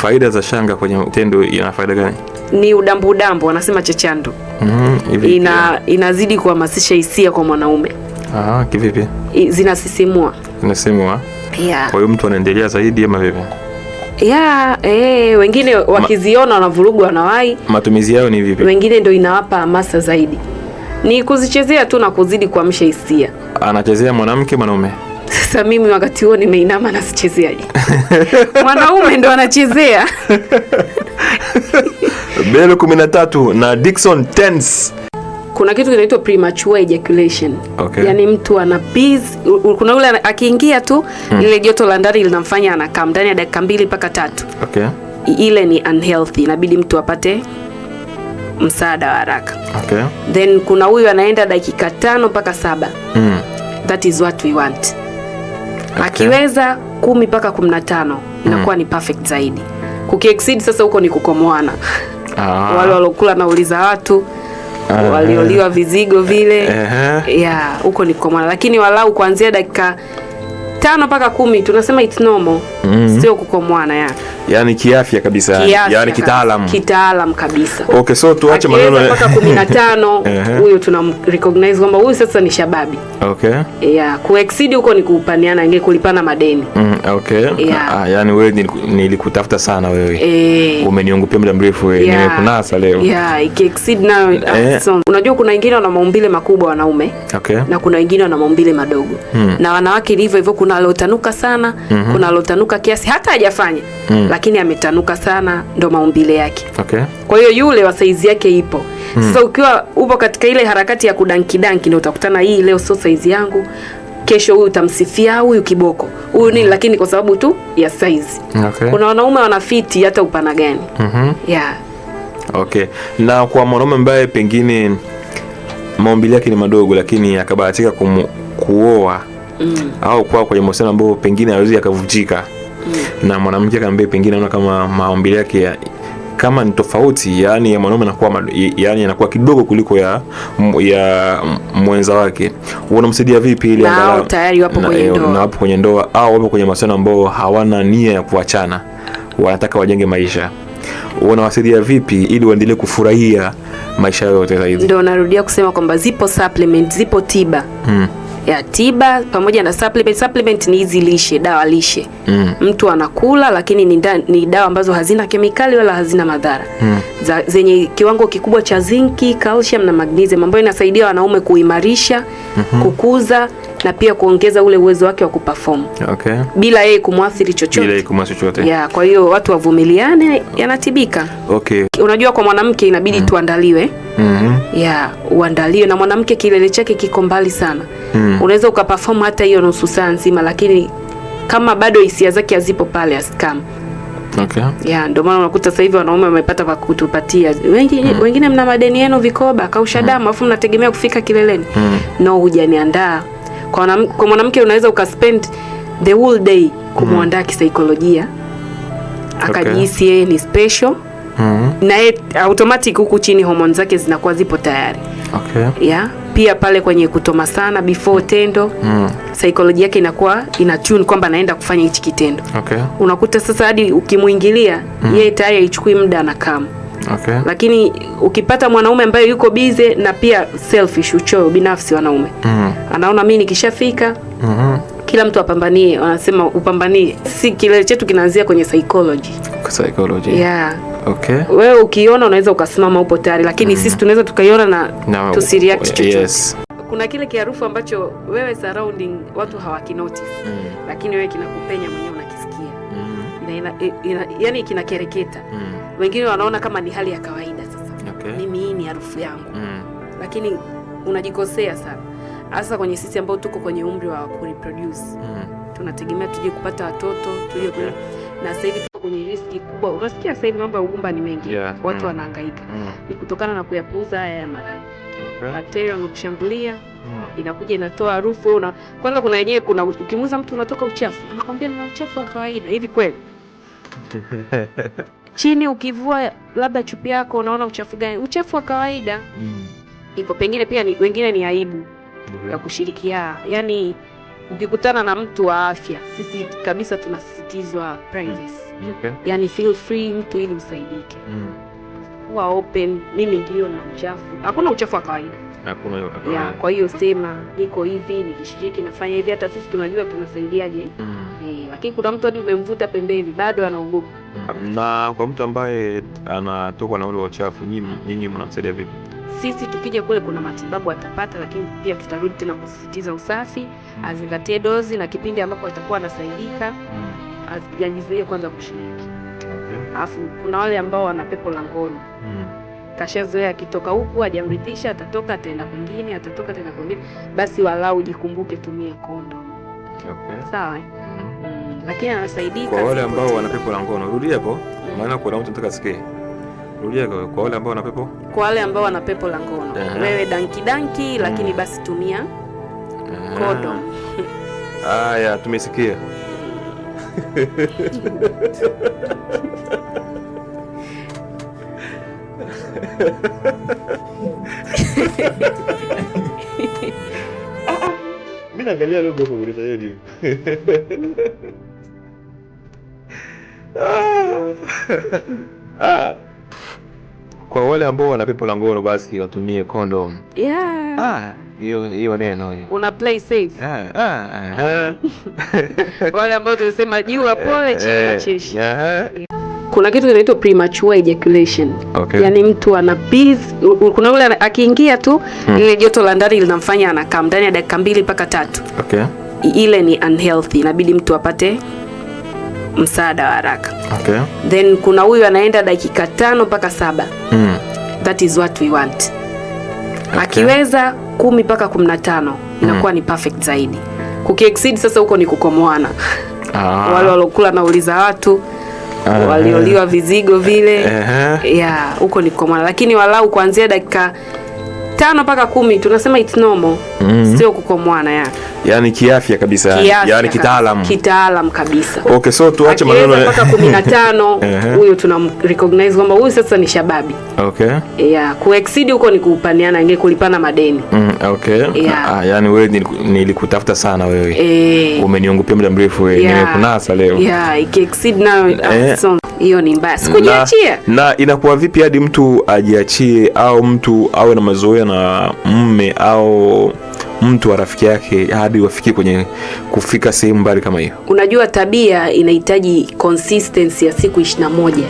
Faida za shanga kwenye tendo ina faida gani? Ni udambu udambu, wanasema chechando. mm mm-hmm, -hmm. Ina, inazidi kuhamasisha hisia kwa mwanaume. Ah, kivipi? Zinasisimua, zinasisimua yeah. Kwa hiyo mtu anaendelea zaidi ama vipi? Yeah, eh, wengine wakiziona wanavurugwa wanawai. Matumizi yao ni vipi? Wengine ndio inawapa hamasa zaidi, ni kuzichezea tu na kuzidi kuamsha hisia. Anachezea mwanamke mwanaume sasa mimi wakati huo nimeinama na mwanaume ndo anachezea Belo 13 na Dickson Tens. Kuna kitu kinaitwa premature ejaculation. Okay. Yaani mtu ana biz, kuna yule akiingia tu mm. ile joto la ndani linamfanya anakam ndani ya dakika mbili mpaka tatu. Okay. Ile ni unhealthy, inabidi mtu apate msaada wa haraka. Okay. Then kuna huyu anaenda dakika tano mpaka saba mm. That is what we want okay. Akiweza kumi mpaka kumi na tano inakuwa mm. ni perfect zaidi. Kukiexceed sasa huko ni kukomoana ah. wale walokula nauliza watu ah. walioliwa vizigo vile uh -huh. ya yeah, huko ni kukomoana, lakini walau kuanzia dakika tano mpaka kumi tunasema it's normal mm -hmm. Sio kukomwana ya yani kiafya kabisa yani, yani kitaalam kitaalam kabisa. Okay, so tuache maneno mpaka 15 huyo tuna recognize kwamba huyu sasa ni shababi. Okay, yeah, kuexceed huko ni kupaniana, inge kulipana madeni mm, okay yeah. Ah, yani wewe nilikutafuta sana wewe eh, umeniongopea muda mrefu wewe Nimekunasa leo yeah, ikiexceed nayo eh. Ah, unajua kuna wengine wana maumbile makubwa wanaume okay. Na kuna wengine wana maumbile madogo hmm. Na wanawake hivyo hivyo kuna alotanuka sana mm -hmm. kuna alotanuka kiasi hata hajafanya mm. lakini ametanuka sana, ndo maumbile yake okay. Kwa hiyo yule wa saizi yake ipo mm. Sasa ukiwa upo katika ile harakati ya kudankidanki, ndio utakutana hii leo sio saizi yangu kesho huyu utamsifia huyu kiboko huyu mhm. nini, lakini kwa sababu tu ya saizi Okay. Kuna wanaume wanafiti hata upana gani? mm -hmm. yeah. Okay, na kwa mwanaume ambaye pengine maumbile yake ni madogo, lakini akabahatika kuoa mm. au kwa kwenye mahusiano ambayo pengine hawezi akavunjika mm. na mwanamke akamwambia pengine anaona kama maombi yake ya, kama ni tofauti yani ya mwanaume anakuwa yani anakuwa kidogo kuliko ya ya mwenza wake, unamsaidia vipi ili angalau tayari wapo kwenye eh, ndoa na wapo kwenye ndoa au wapo kwenye mahusiano ambao hawana nia ya kuachana, wanataka wajenge maisha, unawasaidia vipi ili waendelee kufurahia maisha yao yote zaidi? Ndio narudia kusema kwamba zipo supplement, zipo tiba hmm ya tiba pamoja na supplement. Supplement ni hizi lishe, dawa lishe mm. mtu anakula, lakini ni, da, ni dawa ambazo hazina kemikali wala hazina madhara mm. za, zenye kiwango kikubwa cha zinki, calcium na magnesium ambayo inasaidia wanaume kuimarisha mm -hmm. kukuza na pia kuongeza ule uwezo wake wa kuperform okay. bila yeye kumwathiri chochote, bila yeye kumwathiri chochote yeah. Kwa hiyo watu wavumiliane, yanatibika okay. Unajua, kwa mwanamke inabidi mm. tuandaliwe mm -hmm. yeah, uandaliwe na mwanamke, kilele chake kiko mbali sana mm. unaweza ukaperform hata hiyo nusu saa nzima, lakini kama bado hisia zake hazipo pale asikam Okay. Yeah, ndio maana unakuta sasa hivi wanaume wamepata kwa kutupatia wengi, mm. Wengine mna madeni yenu vikoba kausha mm. damu, mm. afu mnategemea kufika kileleni mm. No, hujaniandaa. Kwa, kwa mwanamke unaweza ukaspend the whole day kumwandaa mm. kisaikolojia akajihisi yeye okay. ni special mm. na ye automatic huku chini homoni zake zinakuwa zipo tayari okay. yeah. Pia pale kwenye kutoma sana before tendo mm. saikolojia yake inakuwa ina tune kwamba anaenda kufanya hichi kitendo okay. Unakuta sasa hadi ukimuingilia mm. yeye tayari haichukui muda anakama okay. Lakini ukipata mwanaume ambaye yuko bize na pia selfish, uchoyo binafsi wanaume mm -hmm. Anaona mimi nikishafika mm -hmm. Kila mtu apambanie, wanasema upambanie, si kilele chetu kinaanzia kwenye psychology. Psychology. Yeah. Okay. Wewe ukiona unaweza ukasimama upo tayari, lakini mm -hmm. Sisi tunaweza tukaiona na no, tusireact chochote. Yes. Kuna kile kiharufu ambacho wewe surrounding watu hawakinoti mm -hmm. Lakini wewe kinakupenya mwenyewe unakisikia mm -hmm. Ina, ina, ina, yani kinakereketa mm -hmm wengine wanaona kama ni hali ya kawaida. Sasa okay. Mimi hii ni harufu yangu mm. Lakini unajikosea sana, hasa kwenye sisi ambao tuko kwenye umri wa kureproduce mm. Tunategemea tuje kupata watoto tuje okay. Na sasa hivi tuko kwenye riski kubwa. Unasikia sasa hivi mambo ya ugumba ni mengi yeah. Watu mm. wanahangaika mm. Ni kutokana na kuyapuuza haya maradhi okay. Bakteria wanakushambulia mm. Inakuja inatoa harufu una... Kwanza kuna yenyewe kuna ukimuza mtu unatoka uchafu, nakwambia ni uchafu wa kawaida hivi kweli? chini ukivua labda chupi yako unaona uchafu gani? Uchafu wa kawaida mm. Ipo pengine pia ni, wengine ni aibu mm. ya kushirikia, yani ukikutana na mtu wa afya, sisi kabisa tunasisitizwa privacy mm. okay. Yaani feel free mtu ili usaidike mm. open. Mimi ndio na uchafu, hakuna uchafu wa kawaida ya, kwa hiyo sema niko hivi, nikishiriki nafanya hivi, hata sisi tunajua tunasaidiaje mm. e, lakini kuna mtu hadi umemvuta pembeni bado anaogopa Mm-hmm. Na kwa mtu ambaye anatokwa na ule uchafu, nyinyi mnamsaidia vipi? Sisi tukija kule kuna matibabu atapata, lakini pia tutarudi tena kusisitiza usafi, mm-hmm. azingatie dozi na kipindi ambapo atakuwa anasaidika mm-hmm. asijizuie kwanza kushiriki. Alafu kuna wale ambao wana pepo la ngono kashazoea akitoka huku hajamridhisha, atatoka ataenda kwingine, atatoka tena kwingine, basi walau jikumbuke, tumie kondo. Okay. Sawa. Eh? lakini anasaidika. Kwa wale ambao wana pepo la ngono, rudia hapo, maana kuna mtu nataka sikie. Rudia kwa wale ambao wana pepo, kwa wale ambao wana pepo la ngono. Wewe danki danki, mm. lakini basi tumia kodo. Haya, tumesikia. Mimi ah, ah. naangalia logo hapo, unaweza hiyo. Ah. Kwa wale ambao wana pepo la ngono basi watumie condom. Yeah. Ah, hiyo hiyo neno hiyo. Una play safe. Ah, ah, ah. Wale ambao tunasema jua pole eh, chini eh. chishi. Yeah. Kuna kitu kinaitwa premature ejaculation. Okay. Yaani mtu ana biz, kuna yule akiingia tu hmm, ile joto la ndani linamfanya anakaa ndani ya dakika mbili mpaka tatu. Okay. Ile ni unhealthy, inabidi mtu apate msaada wa haraka okay. Then kuna huyu anaenda dakika tano mpaka saba mm. That is what we want okay. Akiweza kumi mpaka kumi na tano hmm. inakuwa mm. ni perfect zaidi. Kukiexceed sasa huko ni kukomoana ah. Wale walokula nauliza watu walioliwa vizigo vile uh -huh. ya yeah, huko ni kukomoana, lakini walau kuanzia dakika tano mpaka kumi tunasema it's normal mm -hmm. Sio kukomwana yani, yani kiafya kabisa kiafya yani kitaalamu kitaalamu kabisa. Okay, so tuache maneno mpaka 15 huyu tuna recognize kwamba huyu sasa ni shababi. Okay, yeah, ku exceed huko ni kupaniana, inge kulipana madeni mm, okay yeah. Ah, yani wewe nilikutafuta sana wewe eh, umeniongopia muda mrefu wewe, nimekunasa leo yeah, iki exceed nayo ah, eh hiyo ni mbaya, sikujiachia. Na, na inakuwa vipi hadi mtu ajiachie au mtu awe na mazoea na mme au mtu wa rafiki yake hadi wafikie kwenye kufika sehemu mbali kama hiyo? Unajua, tabia inahitaji consistency ya siku ishirini na moja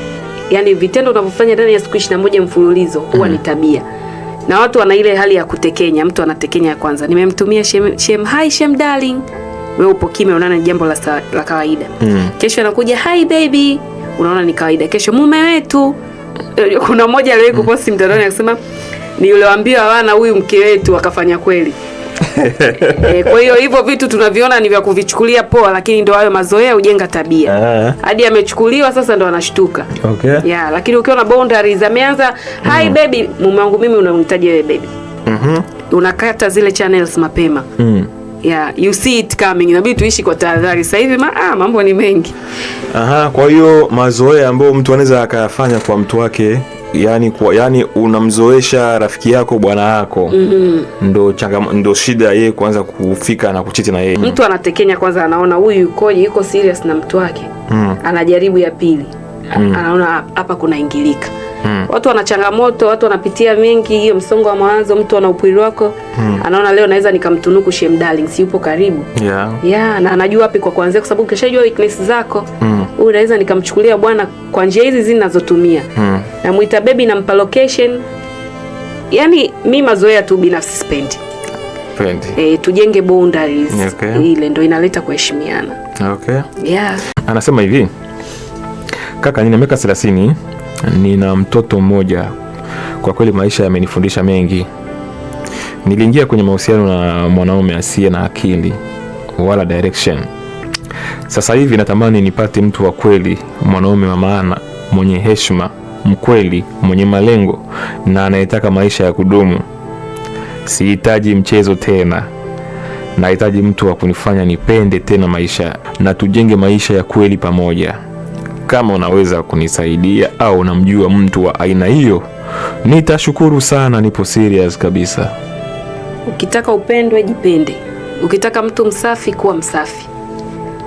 yaani vitendo unavyofanya ndani ya siku ishirini na moja mfululizo huwa mm. ni tabia na watu wana ile hali ya kutekenya. Mtu anatekenya kwanza, nimemtumia shem, shem, hi shem darling, wewe upo kimya, unaona ni jambo la, la kawaida mm. Kesho anakuja hi baby unaona ni kawaida. Kesho mume wetu, kuna mmoja aliwahi mm. kuposti mtandaoni akisema niliwaambia wana huyu mke wetu akafanya kweli. E, kwa hiyo hivyo vitu tunaviona ni vya kuvichukulia poa, lakini ndo hayo mazoea hujenga tabia ah. hadi amechukuliwa sasa ndo anashtuka. Okay. Yeah, lakini ukiwa na boundaries ameanza mm. Hi baby, mume wangu mimi unamhitaji wewe baby. Mhm. Mm, unakata zile channels mapema mm. Yeah, you see it coming. Inabidi tuishi kwa tahadhari. Sasa hivi ah, mambo ni mengi. Aha, kwa hiyo mazoea ambayo mtu anaweza akayafanya kwa mtu wake yani, kwa, yani unamzoesha rafiki yako bwana yako mm -hmm. Ndo changa, ndo shida yeye kuanza kufika na kuchiti na yeye. Mtu anatekenya kwanza, anaona huyu yukoje, yuko serious na mtu wake mm. Anajaribu ya pili mm. Anaona hapa kunaingilika mm. Watu wana changamoto, watu wanapitia mengi, hiyo msongo wa mawazo, mtu ana upwili wako mm. Anaona leo naweza nikamtunuku shem darling, si yupo karibu yeah. Yeah, na anajua wapi kwa kuanzia, kwa sababu ukishajua weakness zako mm. Huyu naweza nikamchukulia bwana kwa njia hizi zinazotumia mm. Namuita baby, nampa location. Yani mi mazoea tu binafsi sipendi E, tujenge boundaries okay. Ile ndo inaleta kuheshimiana okay. Yeah. Anasema hivi kaka, nina miaka 30 nina mtoto mmoja. Kwa kweli maisha yamenifundisha mengi. Niliingia kwenye mahusiano na mwanaume asiye na akili wala direction. Sasa hivi natamani nipate mtu wa kweli, mwanaume wa maana, mwenye heshima, mkweli, mwenye malengo na anayetaka maisha ya kudumu. Sihitaji mchezo tena, nahitaji mtu wa kunifanya nipende tena maisha na tujenge maisha ya kweli pamoja. Kama unaweza kunisaidia au unamjua mtu wa aina hiyo, nitashukuru sana. Nipo serious kabisa. Ukitaka upendwe, jipende. Ukitaka mtu msafi, kuwa msafi.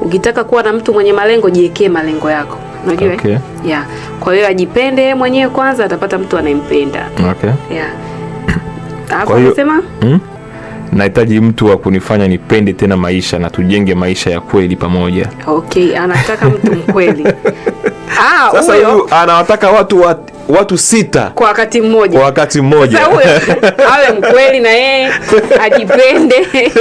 Ukitaka kuwa na mtu mwenye malengo, jiwekee malengo yako. Unajua? Okay. Yeah. Kwa hiyo ajipende yeye mwenyewe kwanza, atapata mtu anayempenda. Okay. Yeah. Hapo anasema? Hmm? nahitaji mtu wa kunifanya nipende tena maisha na tujenge maisha ya kweli pamoja. Okay, anataka mtu mkweli. Ah, sasa huyo anawataka watu wa watu sita kwa wakati mmoja, kwa wakati mmoja. awe mkweli na yeye ajipende.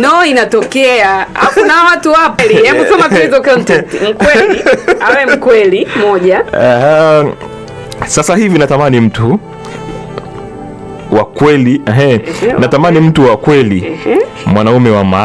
No, inatokea kuna watu wapo. Hebu soma hizo content. Mkweli awe mkweli moja. Uh, sasa hivi natamani mtu wa kweli, natamani mtu wa kweli, mwanaume wa maana.